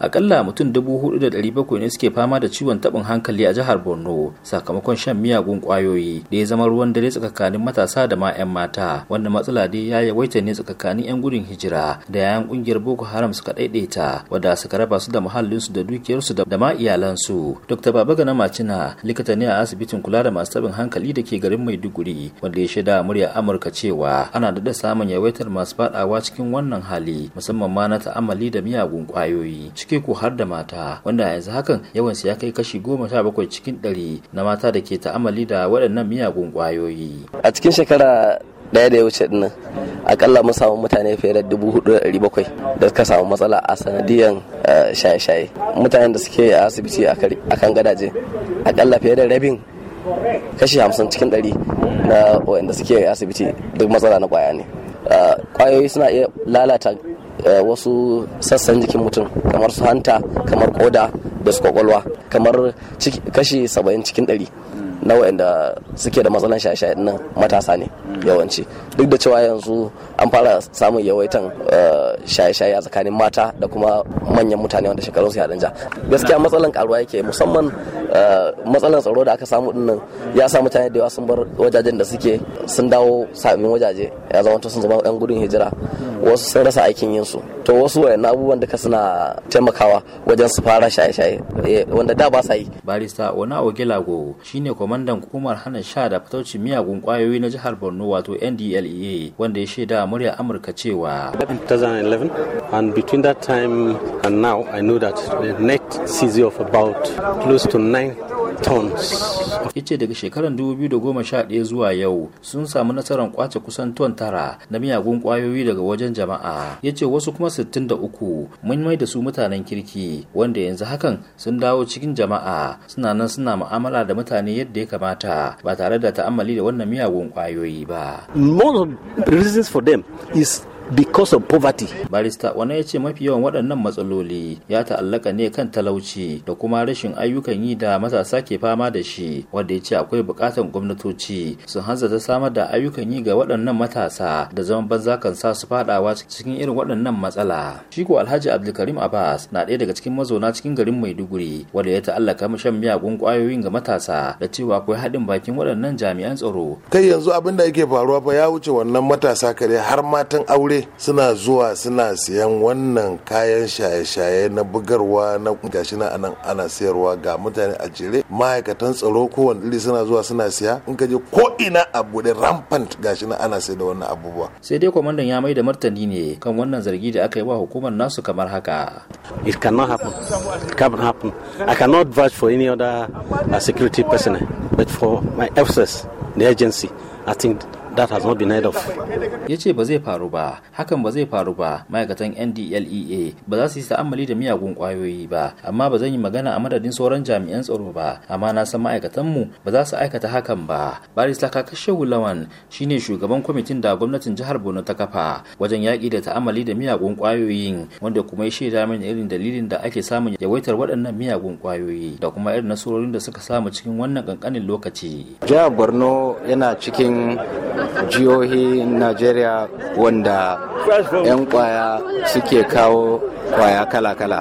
akalla mutum 4,700 ne suke fama da ciwon tabin hankali a jihar borno sakamakon shan miyagun kwayoyi da ya zama ruwan dare tsakakanin matasa da ma 'yan mata wanda matsala dai ya yawaita ne tsakakanin 'yan gudun hijira da yayan kungiyar boko haram suka daidaita wadda suka raba su da muhallinsu da dukiyarsu da ma iyalansu dr Baba gana macina likita ne a asibitin kula da masu tabin hankali da ke garin maiduguri wanda ya shaida murya amurka cewa ana da samun yawaitar masu fadawa cikin wannan hali musamman ma na ta'amali da miyagun kwayoyi ciki ko har da mata wanda yanzu hakan yawansu ya kai kashi goma sha bakwai cikin ɗari na mata da ke ta'amali da waɗannan miyagun ƙwayoyi. A cikin shekara daya da ya wuce dinnan akalla mun samu mutane fiye da dubu hudu da dari bakwai da suka samu matsala a sanadiyan eh, shaye-shaye mutanen da suke a asibiti a kan gadaje akalla fiye da rabin kashi hamsin cikin dari na wanda suke a asibiti duk matsala na ƙwaya ne ah, ƙwayoyi suna iya lalata Eh, wasu sassan jikin mutum kamar su hanta kamar koda da su kwakwalwa kamar kashi saba'in cikin ɗari na wa'anda suke da matsalan shaye-shaye nan matasa ne yawanci duk da cewa yanzu an fara samun yawaitan eh, shaye-shaye a tsakanin mata da kuma manyan mutane wanda shekarun su ja gaskiya matsalan karuwa yake musamman eh, matsalan tsaro da aka samu dinnan ya sa mutane da yawa sun bar wajajen da suke sun dawo sabbin wajaje ya zama sun zama yan gudun hijira wasu sun rasa aikin yin su to wasu wayan abubuwan duka suna taimakawa wajen su fara shaye-shaye eh, wanda da ba sa yi barista wani lago shine kwamandan hukumar hana sha da fitauci miyagun kwayoyi na jihar borno wato ndlea wanda ya shaida a murya amurka cewa 2011 and between that time and now i know that the net seizure of about close to 9 tons ya ce daga shekarar 2011 zuwa yau sun samu nasarar kwace kusan ton tara na miyagun kwayoyi daga wajen jama'a ya ce wasu kuma 63 mun mai da su mutanen kirki wanda yanzu hakan sun dawo cikin jama'a suna nan suna mu'amala da mutane yadda ya kamata ba tare da ta'ammali da wannan miyagun kwayoyi ba. reasons is because of poverty. Barista wani ya ce mafi yawan waɗannan matsaloli ya ta'allaka ne kan talauci da kuma rashin ayyukan yi da matasa ke fama da shi wanda ya ce akwai buƙatar gwamnatoci su hanzarta samar da ayyukan yi ga waɗannan matasa da zaman banza kan sa su faɗawa cikin irin waɗannan matsala. Shi ko Alhaji Abdulkarim Abbas na ɗaya daga cikin mazauna cikin garin Maiduguri wanda ya ta'allaka shan miyagun ƙwayoyin ga matasa da cewa akwai haɗin bakin waɗannan jami'an tsaro. Kai yanzu abin da yake faruwa fa ya wuce wannan matasa kare har matan aure suna zuwa suna siyan wannan kayan shaye-shaye na bugarwa na gashi na anan ana sayarwa ga mutane a jere ma'aikatan tsaro kowane iri suna zuwa suna siya in ka je ko ina a bude rampant gashi na ana sayar da wannan abubuwa sai dai kwamandan ya mai da martani ne kan wannan zargi da aka yi wa hukumar nasu kamar haka it cannot happen it cannot happen i cannot vouch for any other uh, security person but for my officers the agency i think that has not been heard of ya ce ba zai faru ba hakan ba zai faru ba ma'aikatan ndlea ba za su yi ta'ammali da miyagun kwayoyi ba amma ba zan yi magana a madadin sauran jami'an tsaro ba amma na san ma'aikatanmu ba za su aikata hakan ba barista kakashewu lawan shine shugaban kwamitin da gwamnatin jihar borno ta kafa wajen yaƙi da ta'amali da miyagun kwayoyin wanda kuma ya shaida mini irin dalilin da ake samun yawaitar waɗannan miyagun kwayoyi da kuma irin nasarorin da suka samu cikin wannan ƙanƙanin lokaci jihar borno yana cikin jihohi najeriya wanda 'yan kwaya suke kawo kwaya kala-kala